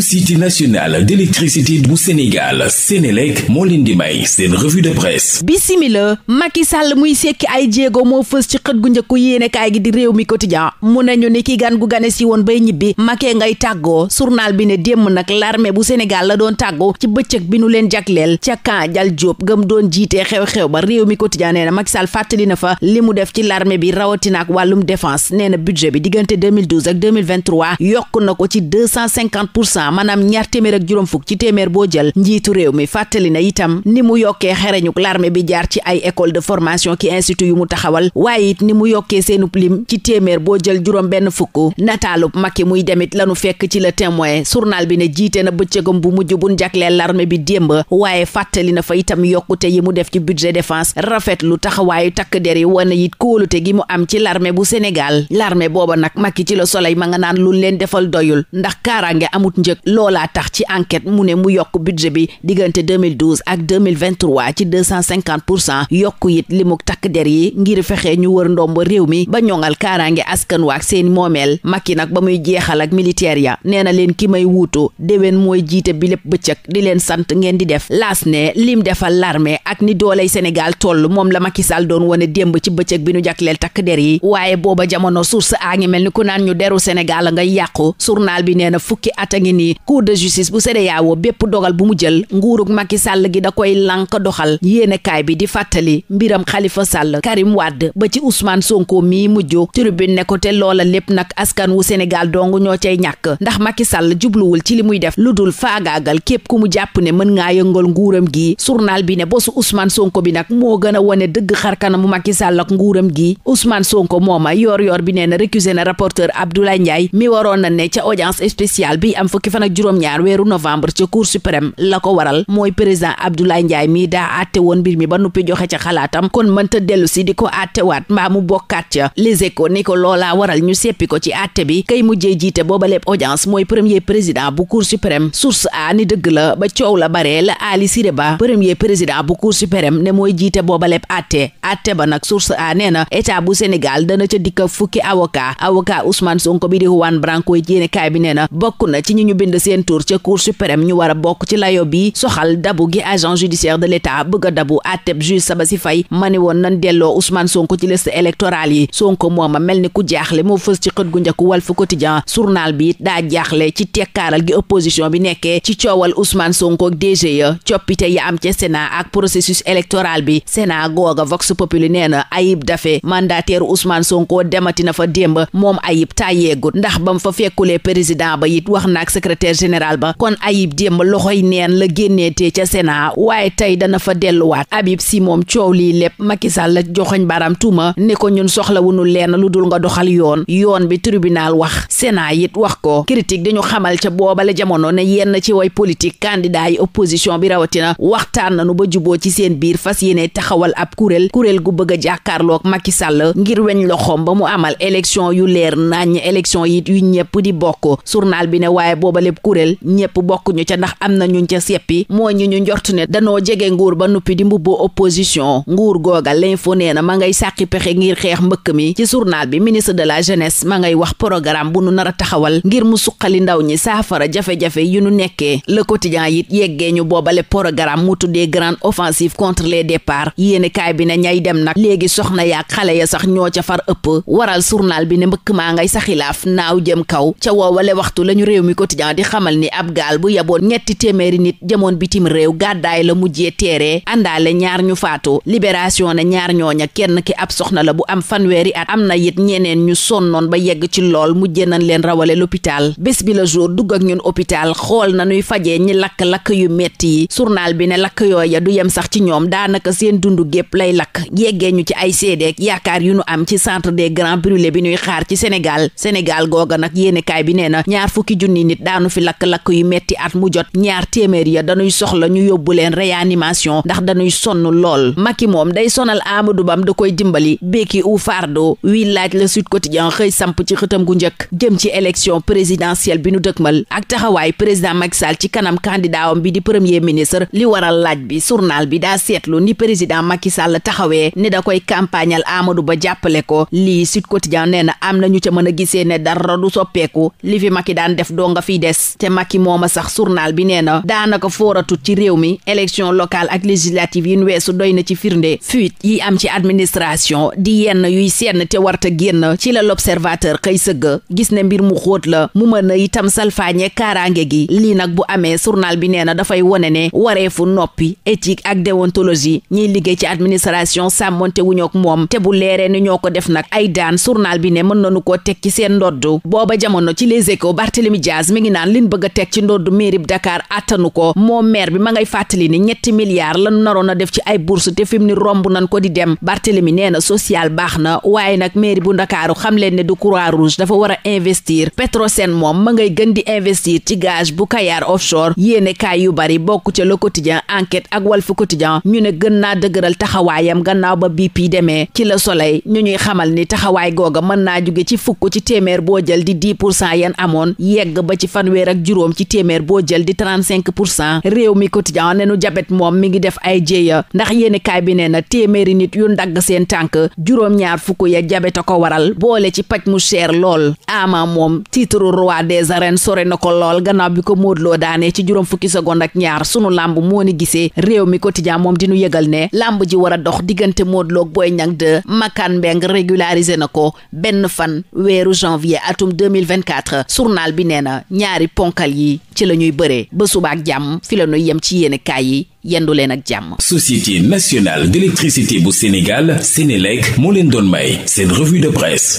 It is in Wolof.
société nationale d'électricité bu Sénégal Sénélec moo leen di may seen revue de presse bisimila muy sekki ay jéego moo fës ci xët gu njëkku yéenekaay gi di réew mi quotidien mu nañu ni ki gan gu gane si woon bay ñibbi Macky ngay tàggoo journal bi ne démb nag l'armée bu Sénégal la doon tàggoo ci bëccëg bi nu leen jagleel ca kan jal Diop gëm doon jiitee xew-xew ba réew mi quotidien nee na Macky Sall fàttali fa li mu def ci l'armée bi rawatina ak wàllum défense nee na budget bi diggante ak yokk na ko ci pour cent cent maanaam ñaar téeméer ak juróom fukk ci téeméer boo jël njiitu réew mi fàttali na itam ni mu yokkee xereñuk larme bi jaar ci ay école de formation ki institut yu mu taxawal waaye it ni mu yokkee seenub lim ci téeméer boo jël juróom benn fukk nataalub Macky muy demit lanu fekk ci le témoin journal bi ne jiite na bëccëgam bu mujj bun jagleel l'armée bi démb waaye fàttali na fa itam yokkute yi mu def ci budget défense rafet lu taxawaayu takk der yi wane it kóolute gi mu am ci l'armée bu Sénégal l'armée booba nag Macky ci le soleil ma nga naan lu leen defal doyul njëg loolaa tax ci enquête mu ne mu yokk budget bi diggante 2012 ak 2023 ci 250 pour cent yokku it li mu takk der yi ngir fexe ñu wër ndomb réew mi ba ñoŋal kaaraange askan waak seen moomeel Macky nag ba muy jeexal ak militaire ya nee na leen ki may wuutu déwén mooy jiite bi lépp bëccëg di leen sant ngeen di def laas ne lim defal l'armée ak ni doole Sénégal toll moom la Macky Sall doon wone démb ci bëccëg bi nu leen takk der yi waaye booba jamono source aa ngi mel ni ku naan ñu deru Sénégal nga yàqu nii cour de justice bu CEDEAO bépp dogal bu mu jël nguurug Sall gi da koy lànk doxal yéenekaay bi di fàttali mbiram Khalifa Sall Karim Wade ba ci Ousmane Sonko mii mujj tribune ne ko te loola lépp nag askan wu Sénégal dong ñoo cay ñàkk ndax Macky Sall jubluwul ci li muy def lu dul faagaagal képp ku mu jàpp ne mën ngaa yëngal nguuram gi journal bi ne bosu Ousmane Sonko bi nag moo gën a wone dëgg xar mu Macky Sall ak nguuram gi Ousmane Sonko mooma yor bi ne ca fukki fan ak juróom-ñaar weeru novembre ca cour suprême la ko waral mooy président Abdoulaye Ndiaye mii daa àtte woon mbir mi ba nuppi joxe ca xalaatam kon mënta dellu si di ko àttewaat waat mu bokkaat ca Les Échos ni ko loolaa waral ñu seppi ko ci àtte bi kay mujjee jiite booba lépp audience mooy premier président bu cour suprême source a ni dëgg la ba coow la baree la Ali Siré Ba premier président bu cour suprême ne mooy jiite booba lépp atte àtte ba nag source a nee na état bu Sénégal dana ca dikk fukki avocat avocat Ousmane Sonko bi bind seen tur ca cour ñu war a bokk ci layo bi soxal dabu gi agent judiciaire de l'état bëgg a dabu àtteb juge Sabassy Faye ma ne woon nan delloo Ousmane Sonko ci liste électorale yi Sonko mooma mel ni ku jaaxle moo fës ci xët gu njëkk Walf Quotidien journal bi daa jaaxle ci tekkaaral gi opposition bi nekkee ci coowal Ousmane Sonko ak DG coppite ya am ca Sénat ak processus électoral bi Sénat googa Vox Populi nee na Ayib Daffé mandataire Ousmane Sonko demati na fa démb moom Ayib tàyyeegut ndax bam secrétaire général ba kon Ayib Démb loxoy neen la génneetee ca Sénat waaye tey dana fa delluwaat Habib Sy moom coow lii lépp Macky Sall la joxoñ baram tuuma ne ko ñun soxlawunu leen lu dul nga doxal yoon yoon bi tribunal wax Sénat it wax ko critique dañu xamal ca boobale jamono ne yenn ci way politique candidat yi opposition bi rawatina waxtaan na nanu ba juboo ci seen biir fas yéene taxawal ab kuréel kuréel gu bëgg a jàkkaarloog Macky Sall ngir weñ loxoom ba mu amal élection yu leer nañ élection yi yu ñëpp di bokk journal boobaleb kuréel ñépp bokkuñu ñu ca ndax am na ñuñ ca seppi mooy ñu ñu njort ne danoo jege nguur ba nuppi di mbubboo opposition nguur googa l'info nee na ma ngay sàqi pexe ngir xeex mbëkk mi ci journal bi ministre de la jeunesse ma ngay wax programme bu nu nar a taxawal ngir mu suqali ndaw ñi saafara jafe-jafe yu nu nekkee la le quotidien yit yeggee ñu boobale programme mu tuddee grande offensive contre les départs yéene kaay bi ne ñay dem nag léegi soxna yaak xale ya sax ñoo ca far ëpp waral journal bi ne mbëkk maa ngay saxilaaf naaw jëm quotidien di xamal ni ab gaal bu yaboon ñetti téeméeri nit jëmoon bitim réew gàddaay la mujjee teeree àndaale ñaar ñu faatu libération ne ñaar ñooña kenn ki ab soxna la bu am fanweeri at am na it ñeneen ñu sonnoon ba yegg ci lool mujje nañ leen rawale l'hôpital bés bi la jour dugg ak ñun hôpital xool na ñuy fajee ñi lakk-lakk yu metti yi journal bi ne lakk yooya du yem sax ci ñoom daanaka seen dundu gépp lay lakk yeggee ñu ci ay seedeek yaakaar yu nu am ci centre des grands bi ñuy xaar ci Sénégal Sénégal daanu fi lakk-lakk yu metti at mu jot ñaar téeméer ya dañuy soxla ñu yóbbu leen réanimation ndax dañuy sonn lool Macky moom day sonal Amadou Bam da koy dimbali béeki u fardo wi laaj ci xëtam gu njëkk jëm ci élection présidentielle bi nu dëkkmal ak taxawaay président Macky ci kanam candidat am bi di premier ministre li waral laaj bi journal bi daa seetlu ni président Macky Sall taxawee ne da koy campagnal Amadou Ba jàppale ko lii Sud Quotidien nee na am nañu ca mën a gisee ne dara du soppeeku li fi Macky daan def doo nga fi fiy des te Macky mooma sax journal bi nee na daanaka fooratut ci réew mi élection locale ak législative yi nu weesu doy na ci firnde fuite yi am ci administration di yenn yuy senn te warta génn ci la l'observateur xëy sëgg gis ne mbir mu xóot la mu mën a itam salfaañe kaaraange gi lii nag bu amee journal bi nee na dafay wone ne wareefu noppi éthique ak déontologie ñiy liggéey ci administration sàmmonte wuñook moom te bu leeree ni ñoo def nag ay daan bi mën nanu koo ngi naan liñ bëgg a teg ci ndodd mairie bi Dakar attanu ko moom maire bi ma ngay fàttali ni ñetti milliards lan naroon a def ci ay bourse te fi mu ni romb nan ko di dem Barthélemy nee na social baax na waaye nag mairie bu Ndakaaru xam leen ne du croix rouge dafa war a investir Petrosen moom ma ngay gën di investir ci gaz bu Kayar offshore yéene kaay yu bari bokk ca le quotidien enquête ak Walf quotidien ñu ne gën naa dëgëral taxawaayam gannaaw ba BP demee ci la soleil ñu ñuy xamal ni taxawaay googa mën naa jóge ci fukk ci téeméer fanweer ak juróom ci téeméer boo jël di 35 pour cent réew mi quotidien ne nu jabet moom mi ngi def ay jéeya ndax yéeni kaay bi nee na téeméeri nit yu ndagg seen tànk juróom-ñaar fukk ya jabet a ko waral boole ci paj mu cher lool ama moom titre roi des arènes sore na ko lool gannaaw bi ko Modou loo daanee ci juróom fukki seconde ak ñaar sunu lamb moo gisee réew mi quotidien moom di nu yëgal ne lamb ji war a dox diggante mood Lo booy Boy Niang 2 Makan Mbeng régularisé na ko benn fan weeru janvier atum 2024 journal bi nee ñaari ponkal yi ci la ñuy bëree ba suba ak jàmm fi la ñuy yem ci yéenekaay yi yendu leen ak jàmm. Société nationale d'électricité bu Sénégal Sénélec moo leen doon may seen revue de presse.